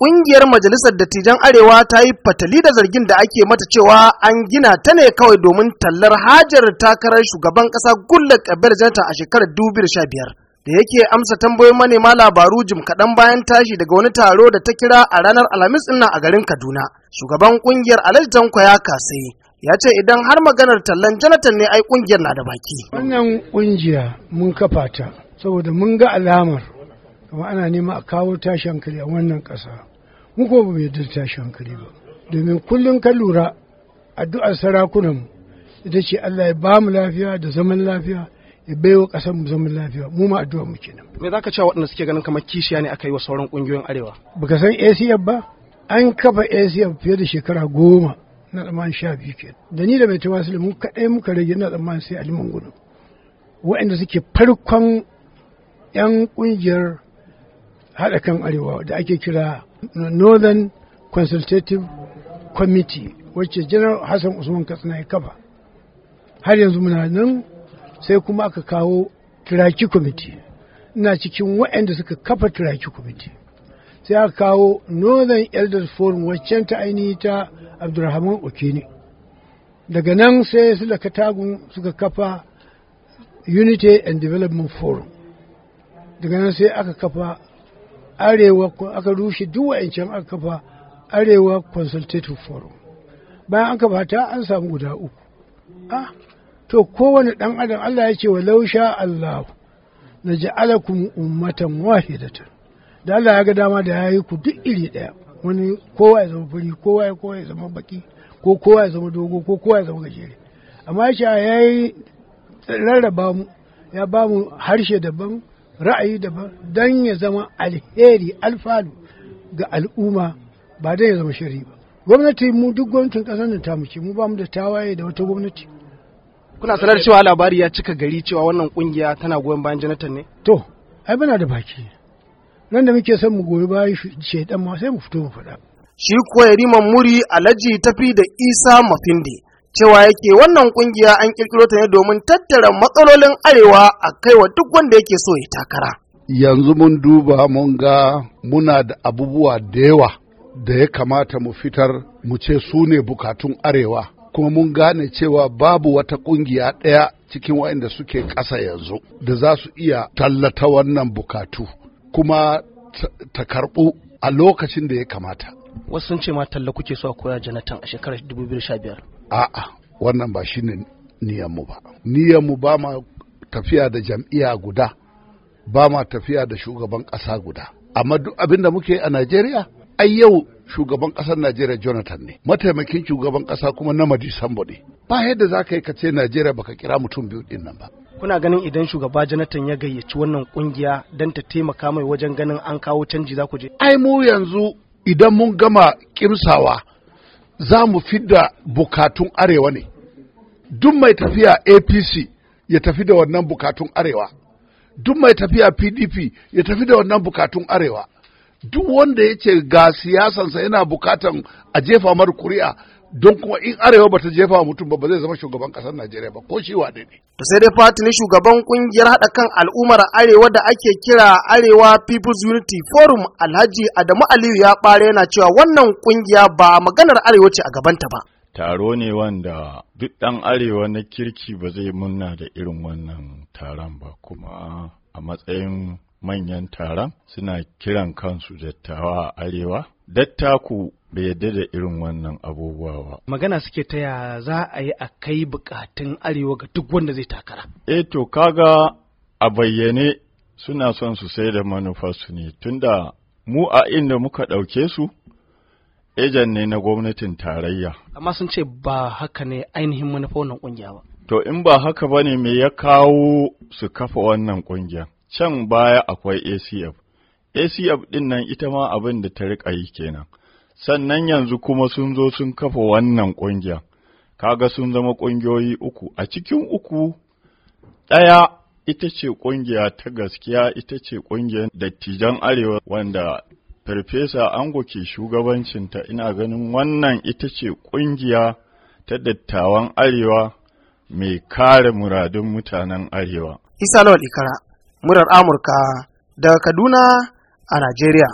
Ƙungiyar Majalisar Dattijan Arewa ta yi fatali da zargin da ake mata cewa an gina ta ne kawai domin tallar hajar takarar shugaban kasa Gullak Abel Janata a shekarar 2015. da yake amsa tambayoyin manema labaru jim kaɗan bayan tashi daga wani taro da ta kira a ranar alhamis ɗin a garin kaduna shugaban ƙungiyar alhaji tanko ya kasai ya ce idan har maganar tallan Janatan ne ai ƙungiyar na da baki wannan ƙungiya mun kafa ta saboda mun ga alamar kuma ana nema a kawo tashi hankali a wannan ƙasa mu ko ba mu yarda da tashi hankali ba domin kullum ka lura addu'ar sarakunan ita ce Allah ya ba mu lafiya da zaman lafiya ya baiwa ƙasar mu zaman lafiya mu ma addu'a mu kenan me zaka cewa waɗanda suke ganin kamar kishiya ne aka yi wa sauran ƙungiyoyin arewa baka san ACF ba an kafa ACF fiye da shekara goma na tsammanin sha biyu ke da ni da mai su mu kaɗai muka rage na tsammanin sai aliman gudu waɗanda suke farkon 'yan ƙungiyar haɗa kan arewa da ake kira northern consultative committee wacce general hassan usman katsina ya kafa har yanzu muna nan sai kuma aka kawo turaki committee ina cikin waɗanda suka kafa turaki committee sai aka kawo northern elders forum waccan ta ainihi ta abdulrahman okini daga nan sai su da katagun suka kafa unity and development forum daga nan sai aka kafa arewa aka rushe duk wa'ancan aka kafa arewa consultative forum bayan an fata an samu guda uku ah to kowane dan adam Allah ya ce wa lausha Allah na ja'alakum ummatan wahidatan da Allah ya ga dama da yayi ku duk iri daya wani kowa ya zama fari kowa ya kowa ya zama baki ko kowa ya zama dogo ko kowa ya zama gajere amma ya ce yi rarraba mu ya ba mu harshe daban ra'ayi daban don ya zama alheri alfalu ga al'umma ba don ya zama shari ba gwamnati mu duk gwamnatin kasar nan ta muke mu ba mu da tawaye da wata gwamnati kuna sanar cewa labari ya cika gari cewa wannan kungiya tana goyon bayan janatan ne to ai bana da baki nan da muke son mu goyi bayan shedan ma sai mu fito mu faɗa shi kuwa yariman muri alhaji tafi da isa mafindi cewa yake wannan kungiya an kirkiro ta ne domin tattara matsalolin arewa a kaiwa duk wanda yake so ya takara yanzu mun duba mun ga muna da abubuwa da yawa da ya kamata mu fitar mu ce su ne bukatun arewa kuma mun gane cewa babu wata kungiya ɗaya cikin waɗanda suke ƙasa yanzu da za su iya tallata wannan bukatu kuma ta karɓu a lokacin da ya kamata wasu sun ce ma talla kuke so a koya janatan a shekarar 2015 a'a wannan ba shi shine niyanmu ba niyanmu ba ma tafiya da jam'iyya guda ba ma tafiya da shugaban ƙasa guda amma duk abin da muke a najeriya ai yau shugaban ƙasar najeriya jonathan ne mataimakin shugaban ƙasa kuma na madisambo ne ba yadda za ka yi ka ce najeriya baka kira mutum biyu din nan ba kuna ganin idan shugaba jonathan ya gayyaci wannan kungiya don ta taimaka mai wajen ganin an kawo canji za ku je ai mu yanzu idan mun gama kimsawa za mu fidda bukatun arewa ne duk mai tafiya apc ya tafi da wannan bukatun arewa duk mai tafiya pdp ya tafi da wannan bukatun arewa duk wanda ya ce ga siyasansa yana bukatan a jefa mar kuri'a don kuma in arewa ba ta jefa mutum ba ba zai zama shugaban kasar najeriya ba ko shi wane ne to sai dai fatini shugaban kungiyar haɗa kan al'ummar arewa da ake kira arewa people's unity forum alhaji adamu aliyu ya ɓare yana cewa wannan kungiya ba maganar arewa ce a gabanta ba taro ne wanda duk ɗan arewa na kirki ba zai munna da irin wannan taron ba kuma a matsayin manyan taron suna kiran kansu dattawa a arewa dattaku bai yadda da irin wannan abubuwa ba. Magana suke ta ya za a yi a kai bukatun arewa ga duk wanda zai takara. E to kaga a bayyane suna son su sai da manufarsu ne tunda mu a inda muka ɗauke su ejan ne na gwamnatin tarayya. Amma sun ce ba haka ne ainihin manufa wannan ƙungiya ba. To in ba haka ba ne me ya kawo su kafa wannan ƙungiya? Can baya akwai ACF. ACF ɗin nan ita ma abin da ta riƙa yi kenan. sannan yanzu kuma sun zo sun kafa wannan ƙungiya kaga sun zama ƙungiyoyi uku a cikin uku ɗaya ita ce ƙungiya ta gaskiya ita ce ƙungiyar dattijan arewa wanda farfesa ango ke shugabancinta ina ganin wannan ita ce ƙungiya ta dattawan arewa mai kare muradun mutanen arewa isa lawal ikara murar amurka daga kaduna a najeriya